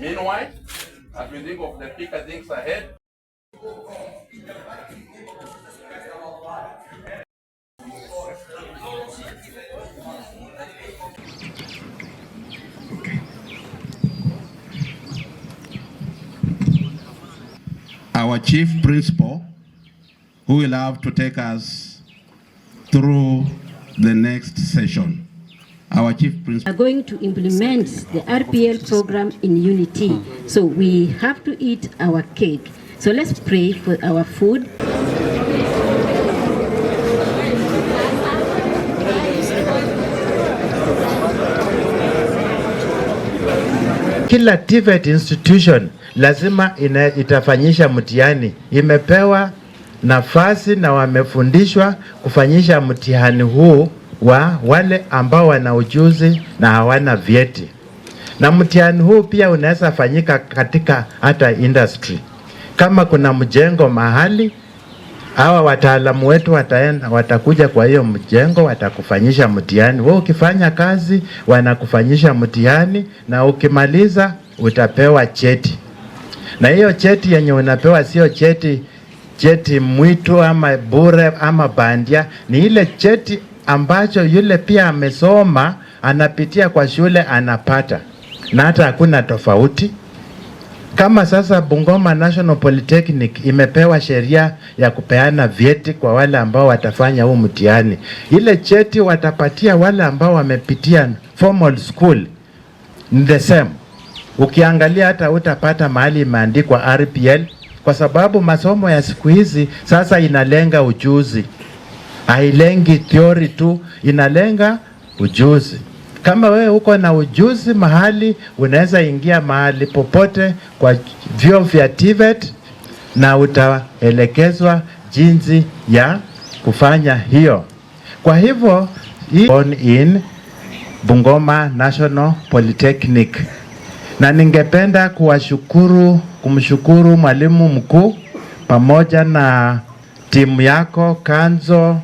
Meanwhile, as we think of the bigger things ahead, our chief principal, who will have to take us through the next session. Our chief principal are going to implement the RPL program in unity. So we have to eat our cake. So let's pray for our food. Kila TVET institution lazima ina, itafanyisha mtihani. Imepewa nafasi na wamefundishwa kufanyisha mtihani huu wa wale ambao wana ujuzi na hawana vyeti, na mtihani huu pia unaweza fanyika katika hata industry. Kama kuna mjengo mahali, hawa wataalamu wetu wataenda, watakuja kwa hiyo mjengo, watakufanyisha mtihani. Wewe ukifanya kazi, wanakufanyisha mtihani, na ukimaliza utapewa cheti, na hiyo cheti yenye unapewa sio cheti cheti mwitu ama bure ama bandia, ni ile cheti ambacho yule pia amesoma anapitia kwa shule anapata, na hata hakuna tofauti. Kama sasa Bungoma National Polytechnic imepewa sheria ya kupeana vyeti kwa wale ambao watafanya huu mtihani, ile cheti watapatia wale ambao wamepitia formal school the same. Ukiangalia hata utapata mahali imeandikwa RPL, kwa sababu masomo ya siku hizi sasa inalenga ujuzi hailengi theory tu, inalenga ujuzi. Kama wewe uko na ujuzi mahali, unaweza ingia mahali popote kwa vyo vya TVET na utaelekezwa jinsi ya kufanya hiyo. Kwa hivyo born in Bungoma National Polytechnic, na ningependa kuwashukuru, kumshukuru mwalimu mkuu pamoja na timu yako Kanzo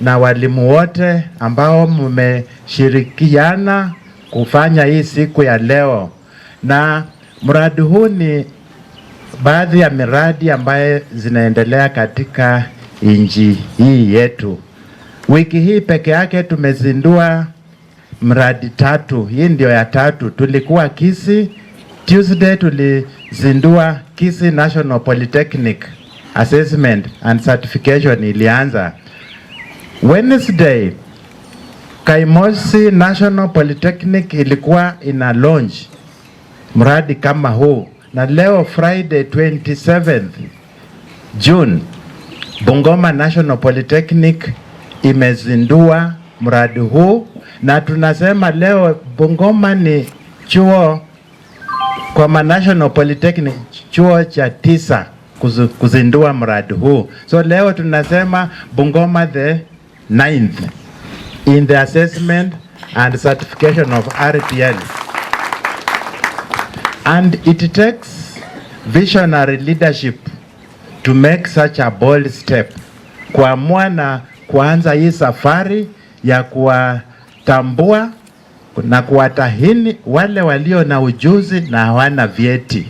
na walimu wote ambao mmeshirikiana kufanya hii siku ya leo. Na mradi huu ni baadhi ya miradi ambayo zinaendelea katika nchi hii yetu. Wiki hii peke yake tumezindua mradi tatu. Hii ndio ya tatu. Tulikuwa kisi Tuesday, tulizindua Kisi National Polytechnic Assessment and Certification ilianza Wednesday Kaimosi National Polytechnic ilikuwa ina launch mradi kama huu, na leo Friday 27th June Bungoma National Polytechnic imezindua mradi huu, na tunasema leo Bungoma ni chuo kwa ma National Polytechnic chuo cha tisa kuzindua mradi huu. So leo tunasema Bungoma the Ninth, in the assessment and certification of RPL. And it takes visionary leadership to make such a bold step, kuamua na kuanza hii safari ya kuwatambua na kuwatahini wale walio na ujuzi na hawana vyeti.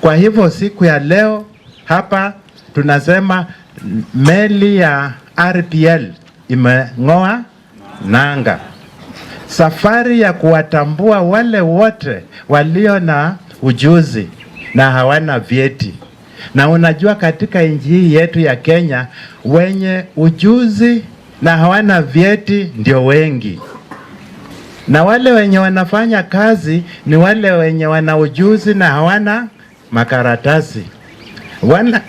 Kwa hivyo siku ya leo hapa tunasema meli ya RPL imeng'oa nanga. Safari ya kuwatambua wale wote walio na ujuzi na hawana vyeti. Na unajua katika nchi hii yetu ya Kenya wenye ujuzi na hawana vyeti ndio wengi, na wale wenye wanafanya kazi ni wale wenye wana ujuzi na hawana makaratasi.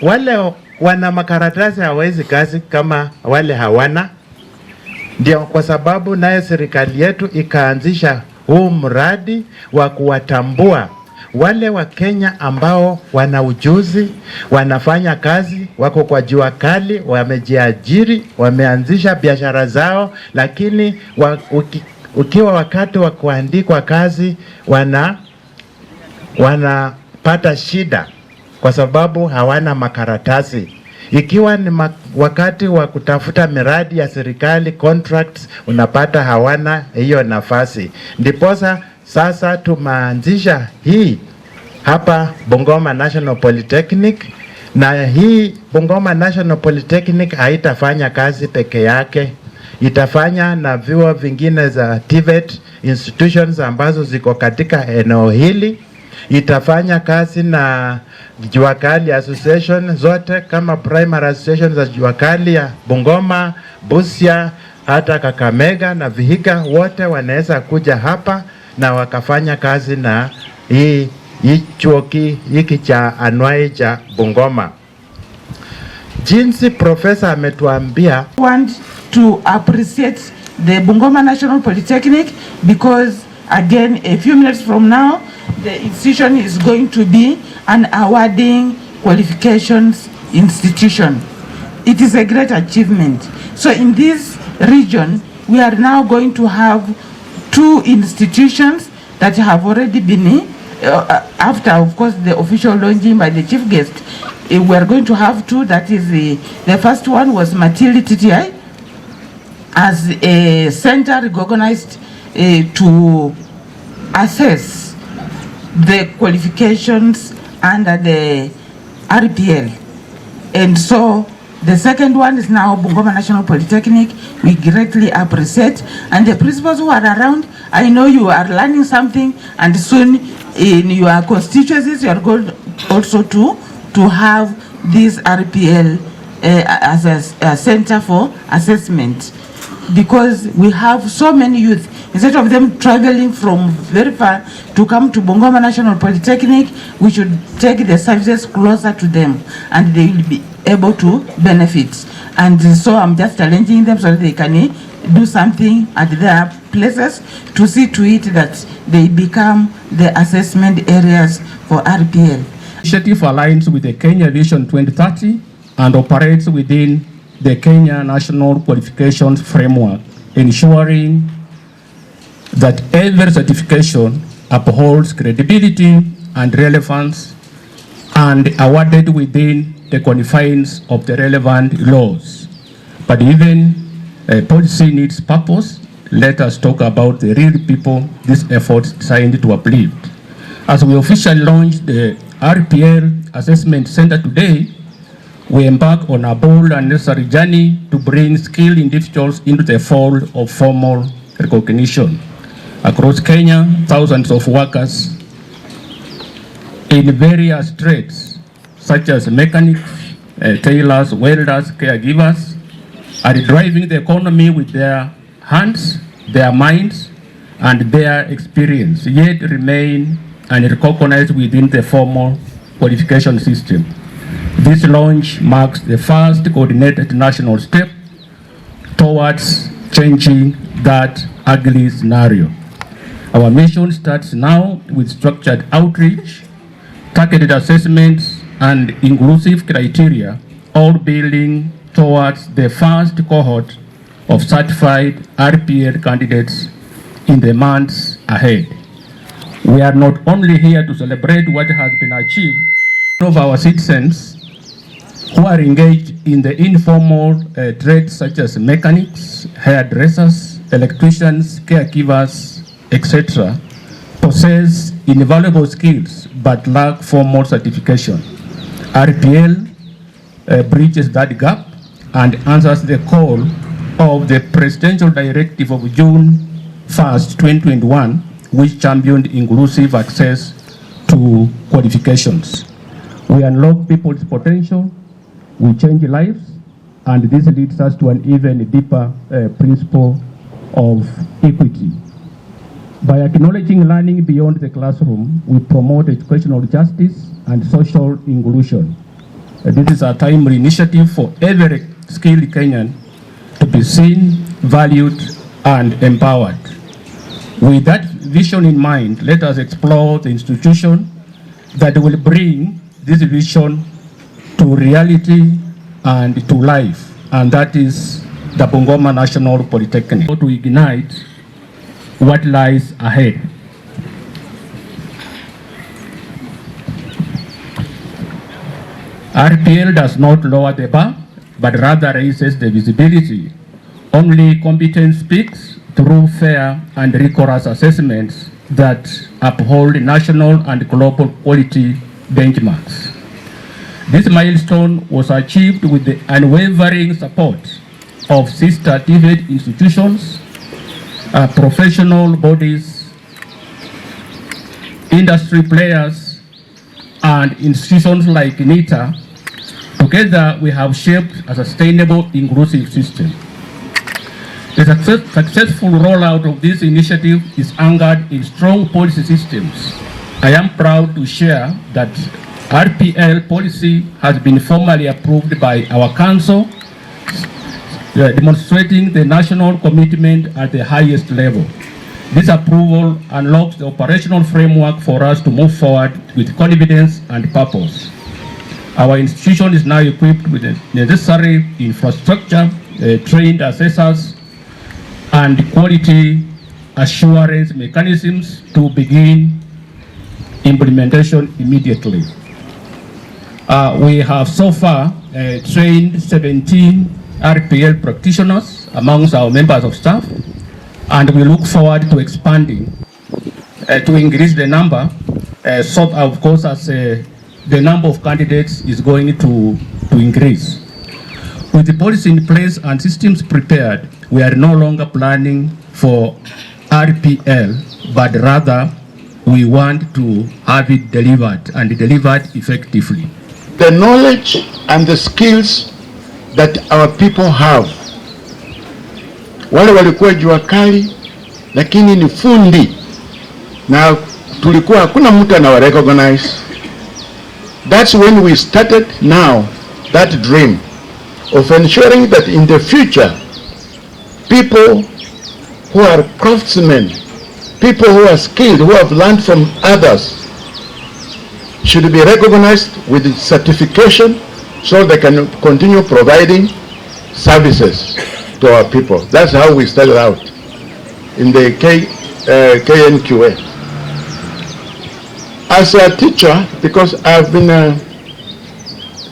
Wale wana makaratasi hawezi kazi kama wale hawana ndio kwa sababu naye serikali yetu ikaanzisha huu mradi wa kuwatambua wale wa Kenya ambao wana ujuzi, wanafanya kazi, wako kwa jua kali, wamejiajiri, wameanzisha biashara zao, lakini wa, uki, ukiwa wakati wa kuandikwa kazi wana wanapata shida kwa sababu hawana makaratasi ikiwa ni wakati wa kutafuta miradi ya serikali contracts, unapata hawana hiyo nafasi, ndiposa sasa tumeanzisha hii hapa Bungoma National Polytechnic na hii Bungoma National Polytechnic haitafanya kazi peke yake, itafanya na vyuo vingine za TVET institutions ambazo ziko katika eneo hili, itafanya kazi na Jua Kali association zote kama primary association za Jua Kali ya Bungoma, Busia, hata Kakamega na Vihiga, wote wanaweza kuja hapa na wakafanya kazi na hii chuo hiki cha anwai cha Bungoma. Jinsi profesa ametuambia, want to appreciate the Bungoma National Polytechnic because again a few minutes from now the institution is going to be an awarding qualifications institution. It is a great achievement. So in this region, we are now going to have two institutions that have already been, uh, after of course the official launching by the chief guest, uh, we are going to have two, that is the, eh, the first one was Matilde TTI as a center recognized uh, to assess the qualifications under the RPL. And so the second one is now Bungoma National Polytechnic. We greatly appreciate. And the principals who are around, I know you are learning something and soon in your constituencies you are going also to, to have this RPL uh, eh, as a, a center for assessment because we have so many youth Instead of them traveling from very far to come to Bungoma National Polytechnic, we should take the services closer to them and they will be able to benefit. And so I'm just challenging them so that they can eh, do something at their places to see to it that they become the assessment areas for RPL. Initiative aligns with the Kenya Vision 2030 and operates within the Kenya National Qualifications Framework, ensuring that every certification upholds credibility and relevance and awarded within the confines of the relevant laws. But even uh, policy needs purpose. Let us talk about the real people effort is signed to uplift. As we officially launch the RPL Assessment Center today, we embark on a bold and necessary journey to bring skilled individuals into the fold of formal recognition. across Kenya, thousands of workers in various trades such as mechanics, uh, tailors, welders, caregivers are driving the economy with their hands, their minds, and their experience, yet remain and recognized within the formal qualification system. This launch marks the first coordinated national step towards changing that ugly scenario. Our mission starts now with structured outreach, targeted assessments, and inclusive criteria, all building towards the first cohort of certified RPL candidates in the months ahead. We are not only here to celebrate what has been achieved of our citizens who are engaged in the informal uh, trades such as mechanics, hairdressers, electricians, caregivers, etc., possess invaluable skills but lack formal certification. RPL uh, bridges that gap and answers the call of the presidential directive of June 1st, 2021, which championed inclusive access to qualifications. We unlock people's potential, we change lives, and this leads us to an even deeper uh, principle of equity. By acknowledging learning beyond the classroom, we promote educational justice and social inclusion. This is a timely initiative for every skilled Kenyan to be seen, valued, and empowered. With that vision in mind, let us explore the institution that will bring this vision to reality and to life, and that is the Bungoma National Polytechnic. To ignite what lies ahead. RPL does not lower the bar, but rather raises the visibility. Only competence speaks through fair and rigorous assessments that uphold national and global quality benchmarks. This milestone was achieved with the unwavering support of sister TV institutions uh, professional bodies, industry players, and institutions like NITA, together we have shaped a sustainable, inclusive system. The success successful rollout of this initiative is anchored in strong policy systems. I am proud to share that RPL policy has been formally approved by our council uh, demonstrating the national commitment at the highest level. This approval unlocks the operational framework for us to move forward with confidence and purpose. Our institution is now equipped with the necessary infrastructure, uh, trained assessors, and quality assurance mechanisms to begin implementation immediately. Uh, we have so far uh, trained 17 RPL practitioners amongst our members of staff, and we look forward to expanding uh, to increase the number, uh, so of course as uh, the number of candidates is going to, to increase. With the policy in place and systems prepared, we are no longer planning for RPL, but rather we want to have it delivered and delivered effectively. The knowledge and the skills that our people have. Wale walikuwa jua kali, lakini ni fundi, na tulikuwa hakuna mtu anawa recognize. That's when we started now that dream of ensuring that in the future people who are craftsmen, people who are skilled, who have learned from others should be recognized with certification so they can continue providing services to our people. That's how we started out in the K, uh, KNQA. As a teacher, because I've been uh,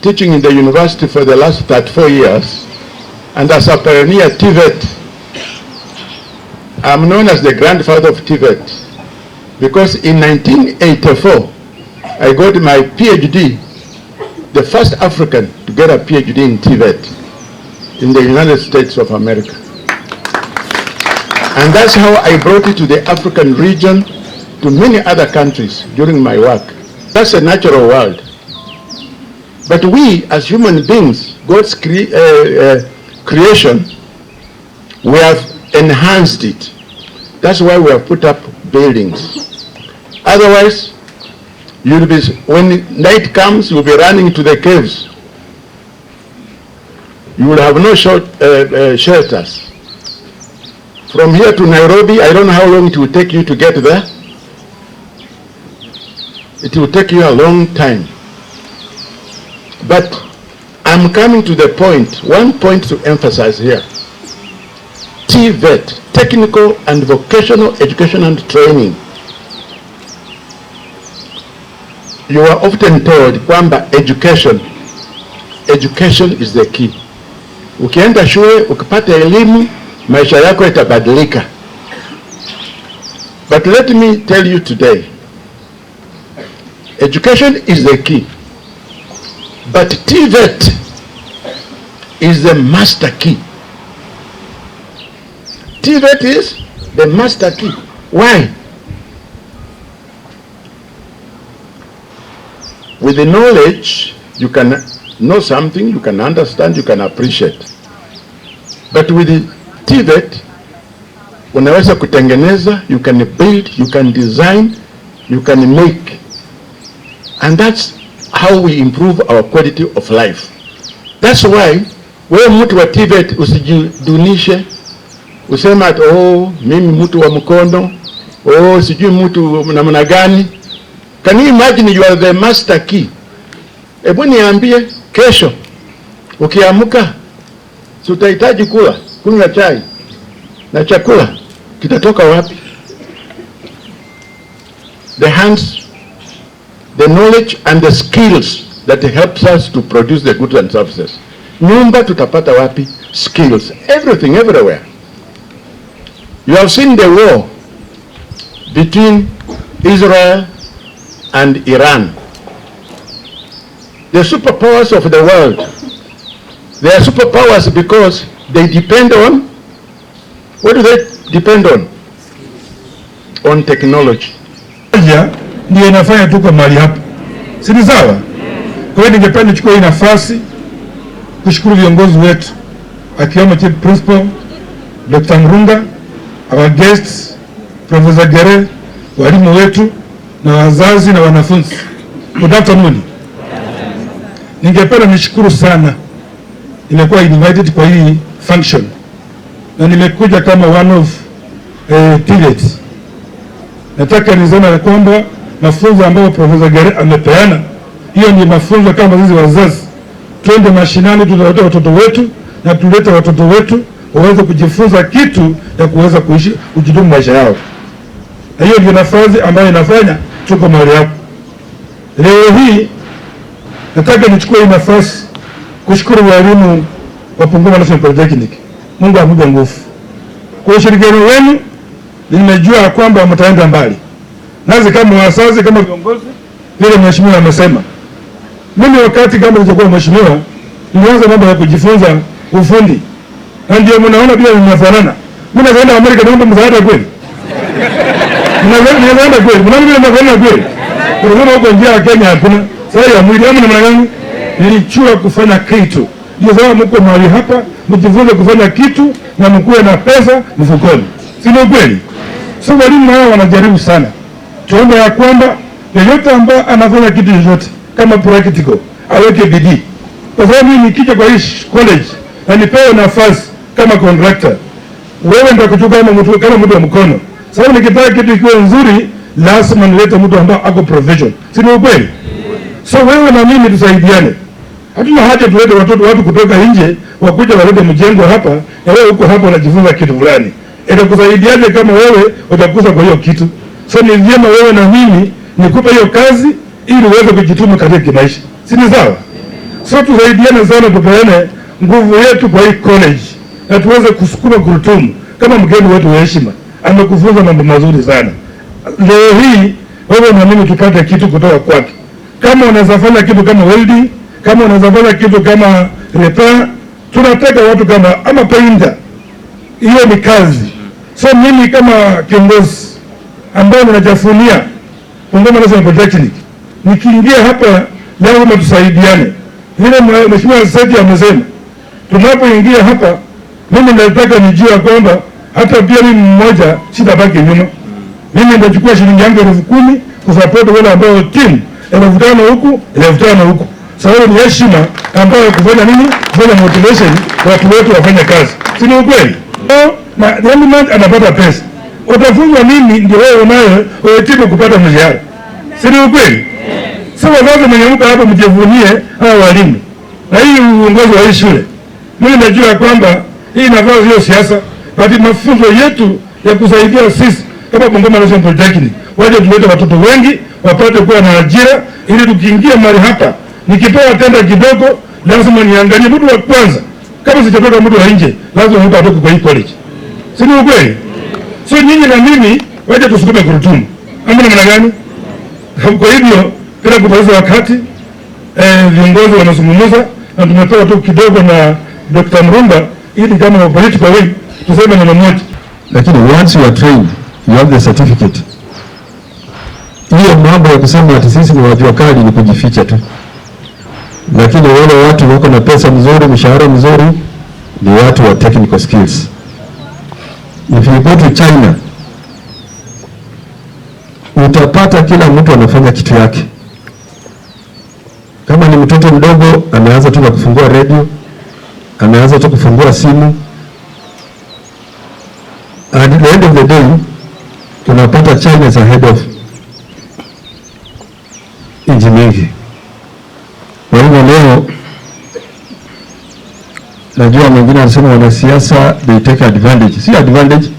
teaching in the university for the last 34 years, and as a pioneer TVET, I'm known as the grandfather of TVET because in 1984, I got my PhD the first African to get a PhD in Tibet, in the United States of America. And that's how I brought it to the African region, to many other countries during my work. That's a natural world. But we, as human beings, God's cre uh, uh, creation, we have enhanced it. That's why we have put up buildings. Otherwise, You'll be, when night comes, you'll be running to the caves. You will have no short, uh, uh, shelters. From here to Nairobi, I don't know how long it will take you to get there. It will take you a long time. But I'm coming to the point, one point to emphasize here. TVET, Technical and Vocational Education and Training. you are often told kwamba education education is the key. Ukienda shule ukipata elimu, maisha yako itabadilika But let me tell you today, education is the key but TVET is the master key. TVET is the master key. Why? With the knowledge, you can know something, you can understand, you can appreciate. But with TVET unaweza kutengeneza, you can build, you can design, you can make. And that's how we improve our quality of life. That's why wewe mtu wa TVET usijidunishe usema at oh, mimi mtu wa mkono oh, sijui mtu namna gani. Can you imagine you are the master key? Hebu niambie, kesho ukiamka, si utahitaji kula kunywa chai na chakula kitatoka wapi? The hands, the knowledge and the skills that helps us to produce the goods and services. Nyumba tutapata wapi? Skills, everything everywhere. You have seen the war between Israel and Iran. The superpowers of the world, they are superpowers because they depend on, what do they depend on? On technology. Ndio inafanya tuko mahali hapa, si ni sawa? Kwa hiyo ningependa nichukue hii nafasi kushukuru viongozi wetu akiwemo Chief Principal Dr. Mrunga, our guests Professor Gere, walimu wetu na wazazi na wanafunzi. Good afternoon. Ningependa nishukuru sana, nimekuwa invited kwa hii function na nimekuja kama one of eh, pilots. Nataka nisema ya kwamba mafunzo ambayo Profesa Gare amepeana, hiyo ni mafunzo kama sisi wazazi twende mashinani, tutawatoa watoto wetu na tulete watoto wetu waweze kujifunza kitu ya kuweza kuishi kujidumu maisha yao, na hiyo ndio nafasi ambayo inafanya tuko mahali hapa leo hii. Nataka nichukue hii nafasi kushukuru walimu wa Bungoma National Polytechnic, Mungu amupe nguvu kwa ushirikiano wenu. Nimejua kwamba mtaenda mbali nazi kama wazazi, kama viongozi, vile mheshimiwa amesema. Mimi wakati kama nilichokuwa mheshimiwa, nilianza mambo ya kujifunza ufundi, na ndio mnaona pia ninafanana. Mimi naenda Amerika, naomba msaada kweli mnakwenda kweli, mnakwenda kweli, unakwenda huko njia ya Kenya hakuna sababu ya mwili ama namna gani? Nilichua kufanya kitu, ndio sababu mko mahali hapa, mjifunze kufanya kitu na mkuwe na pesa mfukoni, si ndio kweli? Sasa walimu hao wanajaribu sana, tuombe ya kwamba yeyote ambaye anafanya kitu chochote kama practical aweke bidii, kwa sababu mimi nikija kwa hii college na nipewe nafasi kama contractor, wewe ndio kuchukua kama mtu kama mtu wa mkono sababu nikitaka kitu ikiwe nzuri lazima nilete mtu ambaye ako profession, si ni ukweli? So wewe na mimi tusaidiane. Hatuna haja tulete watoto watu kutoka nje wakuja walete mjengo hapa na wewe uko hapa unajifunza kitu fulani, itakusaidiaje kama wewe utakuza kwa hiyo kitu? So ni vyema wewe na mimi nikupe hiyo kazi ili uweze kujituma katika kimaisha, si ni sawa? So tusaidiane sana, tupeane nguvu yetu kwa hii college na tuweze kusukuma Kurutumu kama mgeni wetu wa heshima amekufunza mambo mazuri sana. Leo hii wewe na mimi tupate kitu kutoka kwake, kama unaweza fanya kitu kama weldi, kama unaweza fanya kitu kama repair, tunataka watu kama ama painter. Hiyo ni kazi. So mimi kama kiongozi ambaye ninajafunia Bungoma National Polytechnic, nikiingia hapa lazima tusaidiane, vile mheshimiwa Saidi amesema. Tunapoingia hapa, mimi nataka nijua kwamba hata pia mimi mmoja sitabaki nyuma. Mimi nitachukua shilingi yangu elfu kumi kusapoti wale ambao timu elfu tano huku elfu tano huku, sababu ni heshima ambayo kufanya nini, kufanya motivation watu wetu wafanye kazi, si ni ukweli? So, anapata pesa utafunzwa nini ndio wewe unayo wetibu kupata mshahara, si ni ukweli? Si wazazi mwenyemuka hapa, mjivunie hawa walimu na hii uongozi wa hii shule. Mimi najua kwamba hii inavaa hiyo siasa katika mafunzo yetu ya kusaidia sisi kama Bungoma National Polytechnic, waje tulete watoto wengi wapate kuwa na ajira, ili tukiingia mahali hapa, nikipewa tenda kidogo, lazima niangalie mtu wa kwanza. Kama sijatoka mtu wa nje, lazima mtu atoke kwa hii college, si ni ukweli? So nyinyi na mimi waje tusukume gurudumu, ama namna gani? Kwa hivyo bila kupoteza wakati eh, viongozi wanazungumza na tumepewa tu kidogo na Dr. Mrumba ili kama political wing tuseme neno moja, lakini once you are trained you have the certificate. Hiyo mambo ya kusema ati sisi ni wajua kali ni kujificha tu, lakini wale watu wako na pesa mzuri, mishahara mzuri, ni watu wa technical skills. If you go to China utapata kila mtu anafanya kitu yake. Kama ni mtoto mdogo, ameanza tu na kufungua redio, ameanza tu kufungua simu and at the end of the day tunapata China is ahead of nchi nyingi. Kwa hivyo leo najua mwingine anasema wanasiasa they take advantage, si advantage.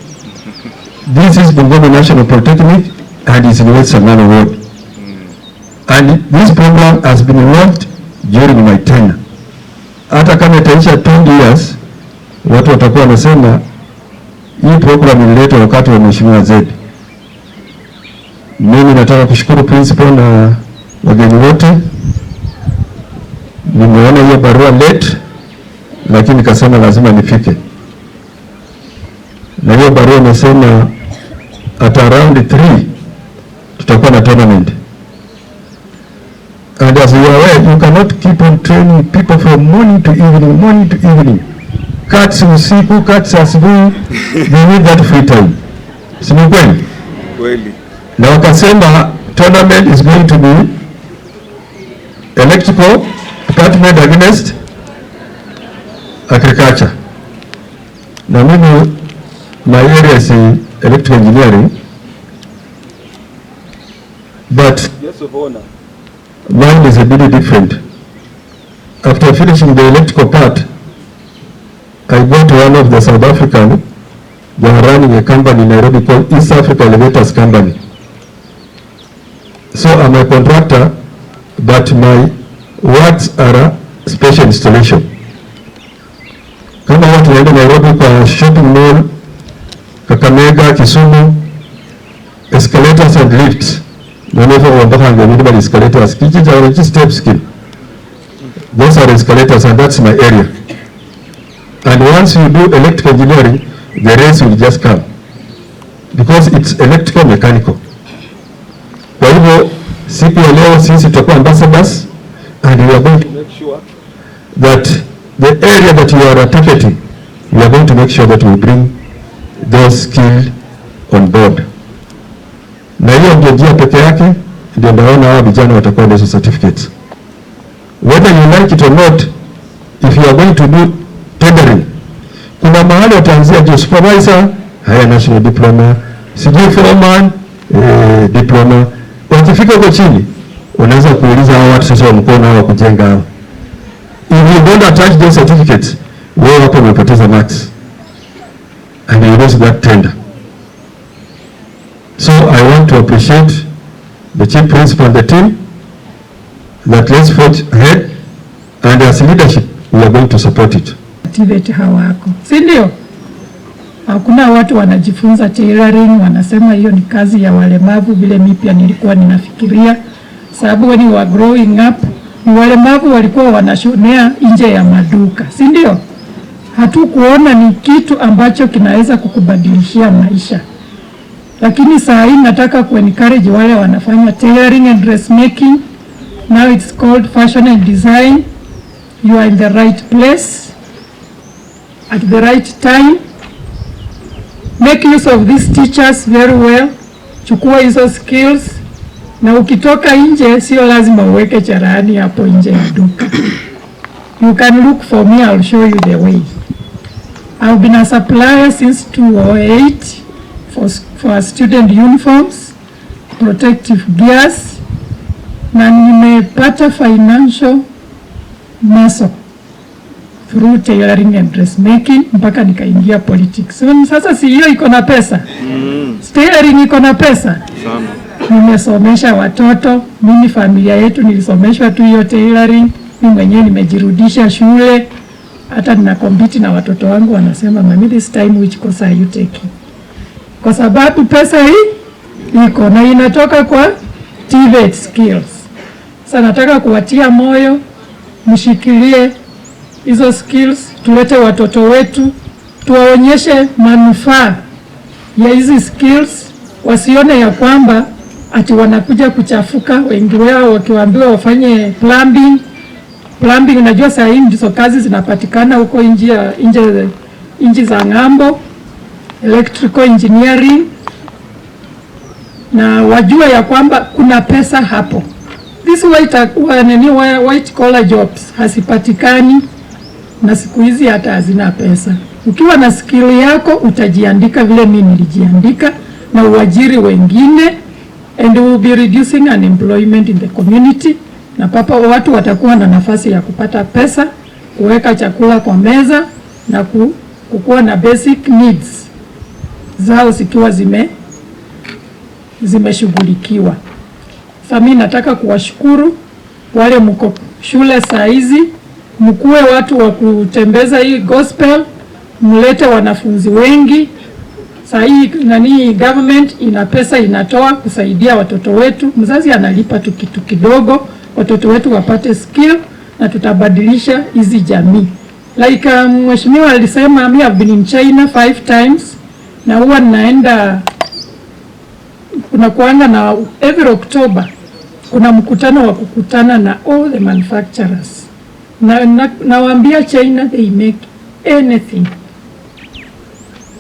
This is Bungoma National Polytechnic and is in West Samana Road and this program has been launched during my tenure. Hata kama itaisha 20 years watu watakuwa wanasema hii program ilileta wakati wa Mheshimiwa Zedi. Mimi nataka kushukuru principal na wageni wote. Nimeona hiyo barua late, lakini nikasema lazima nifike, na hiyo barua imesema at around 3 tutakuwa na tournament and as you are aware you cannot keep on training people from morning to evening, morning to evening kati usiku kati asubuhi, we need that free time, si ni kweli? Kweli. Na wakasema tournament is going to be electrical department against agriculture, na mimi my area is electrical engineering but yes, mine is a bit different after finishing the electrical part I bought one of the South African, they are running a company in Nairobi called East Africa Elevators Company. So I'm a contractor, but my words are a special installation. Kama watu naenda Nairobi kwa shopping mall, Kakamega, Kisumu, escalators and lifts. Mpaka angeminimali escalators. Kijiji cha steps skill. Those are escalators and that's my area once you do electrical engineering, the rest will just come because it's electrical mechanical. Kwa hivyo siku ya leo sisi tutakuwa ambassadors and we are going to make sure that the area that you are targeting, we are going to make sure that we bring those skills on board. Na hiyo ndio njia peke yake ndio naona hawa vijana watakuwa na certificates. Whether you like it or not, if you are going to do tendering kuna mahali ataanzia juu, supervisor haya national diploma, sijui foreman eh, diploma. Wakifika huko chini, unaweza kuuliza hao watu sasa wamkoa nao wa kujenga hao, if you don't attach those certificates, wewe hapo umepoteza marks and you lose that tender. So I want to appreciate the chief principal and the team that let's forge ahead and as leadership we are going to support it activate hawako, si ndio? Hakuna watu wanajifunza tailoring, wanasema hiyo ni kazi ya walemavu. Vile mimi pia nilikuwa ninafikiria, sababu when we growing up ni walemavu walikuwa wanashonea nje ya maduka, si ndio? Hatukuona ni kitu ambacho kinaweza kukubadilishia maisha, lakini saa hii nataka kuencourage wale wanafanya tailoring and dressmaking, now it's called fashion and design. You are in the right place at the right time. Make use of these teachers very well. Chukua hizo skills, na ukitoka nje sio lazima uweke charani hapo nje ya duka. You can look for me, I'll show you the way. I've been a supplier since 2008 for, for student uniforms, protective gears, na nimepata financial muscle through tailoring and dressmaking mpaka nikaingia politics. Sasa si hiyo e iko na pesa mm. Tailoring e iko na pesa sana. Nimesomesha watoto mimi, familia yetu nilisomeshwa tu hiyo tailoring. Mimi mwenyewe nimejirudisha shule, hata compete na watoto wangu wanasema, mami, this time which course are you taking? Kwa sababu pesa hii iko na inatoka kwa TVET skills. Sasa nataka kuwatia moyo, mshikilie hizo skills, tulete watoto wetu tuwaonyeshe manufaa ya hizi skills, wasione ya kwamba ati wanakuja kuchafuka. Wengi wao wakiwaambiwa wafanye plumbing plumbing, najua saa hii ndizo kazi zinapatikana huko nje nchi za ng'ambo, electrical engineering, na wajue ya kwamba kuna pesa hapo. This white, white collar jobs hasipatikani na siku hizi hata hazina pesa. Ukiwa na skili yako utajiandika vile mimi nilijiandika, na uajiri wengine and will be reducing unemployment in the community, na papa watu watakuwa na nafasi ya kupata pesa, kuweka chakula kwa meza na ku, kukuwa na basic needs zao zikiwa zime zimeshughulikiwa. sami nataka kuwashukuru wale mko shule saa hizi mkuwe watu wa kutembeza hii gospel, mlete wanafunzi wengi. Saa hii nani, government ina pesa inatoa kusaidia watoto wetu, mzazi analipa tu kitu kidogo, watoto wetu wapate skill na tutabadilisha hizi jamii. Like um, mheshimiwa alisema mi have been in China five times na huwa naenda kuna kuanga na every October kuna mkutano wa kukutana na all the manufacturers na, na, China they make anything.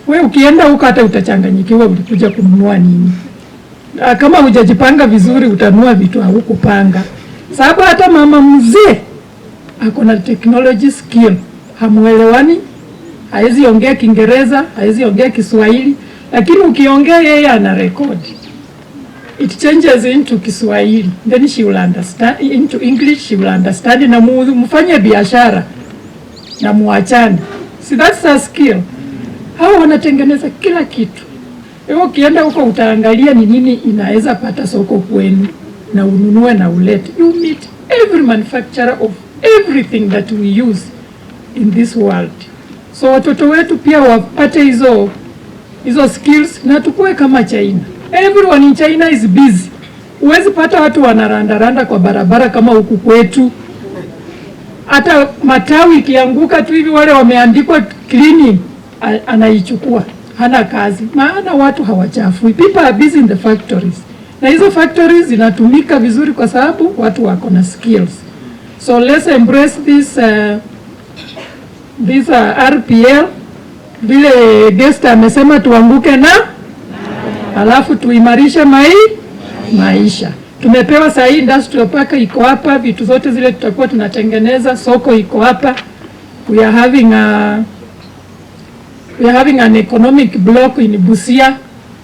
We ukienda huko hata utachanganyikiwa, ulikuja kununua nini? Ah, kama hujajipanga vizuri, utanua vitu haukupanga, sababu hata mama mzee ako na technology skill, hamuelewani, hawezi ongea Kiingereza, hawezi ongea Kiswahili, lakini ukiongea yeye ana rekodi it changes into Kiswahili then she will understand into English she will understand, na mfanye biashara na muachane. See, that's a skill. Hawa wanatengeneza kila kitu. Wewe ukienda huko utaangalia ni nini inaweza pata soko kwenu na ununue na ulete. You meet every manufacturer of everything that we use in this world. So watoto wetu pia wapate hizo hizo skills na tukue kama China everyone in China is busy. Huwezi pata watu wanarandaranda kwa barabara kama huku kwetu. Hata matawi ikianguka tu hivi, wale wameandikwa cleaning, anaichukua hana kazi, maana watu hawachafui. People are busy in the factories, na hizo factories zinatumika vizuri kwa sababu watu wako na skills. So let's embrace this uh, this uh, RPL vile guest amesema tuanguke na alafu tuimarishe mai maisha. Tumepewa saa hii industrial park iko hapa, vitu zote zile tutakuwa tunatengeneza, soko iko hapa. We are having a we are having an economic block in Busia.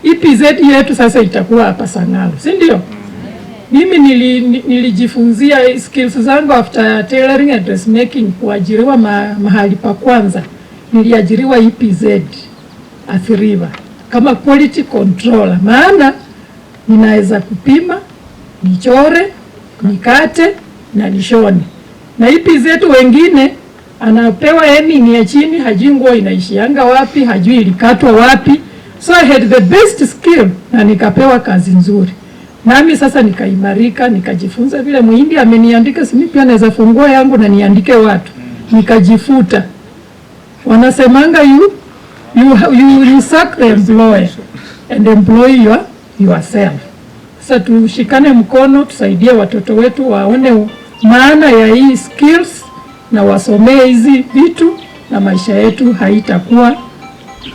EPZ yetu sasa itakuwa hapa Sang'alo, si ndio? Mimi nili, nilijifunzia skills zangu after tailoring and dressmaking kuajiriwa ma, mahali pa kwanza niliajiriwa EPZ Athi River kama quality controller, maana ninaweza kupima, nichore, nikate na nishone. Na ipi zetu wengine anapewa eni ni ya chini, hajui nguo inaishianga wapi, hajui ilikatwa wapi. So I had the best skill na nikapewa kazi nzuri, nami sasa nikaimarika, nikajifunza vile muhindi ameniandika, si mimi pia naweza fungua yangu na niandike watu, nikajifuta. Wanasemanga yu you, you, will sack the employer and employ your, yourself. Sasa tushikane mkono, tusaidie watoto wetu waone maana ya hii skills na wasomee hizi vitu na maisha yetu haitakuwa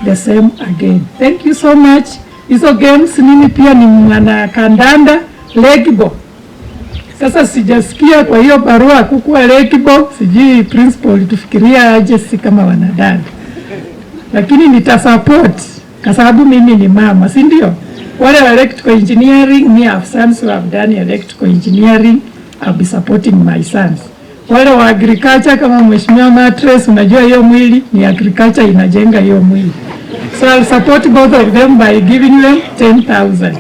the same again. Thank you so much. Hizo games mimi pia ni mwana kandanda legibo. Sasa sijasikia kwa hiyo barua kukuwa legbo sijui principal tufikiria aje si kama wanadada lakini nitasupport kwa sababu mimi ni mama, si ndio? Wale wa electrical engineering, me have sons who have done electrical engineering, I'll be supporting my sons. Wale wa agriculture kama mheshimiwa Matres, unajua hiyo mwili ni agriculture inajenga hiyo mwili, so I'll support both of them by giving them 10,000.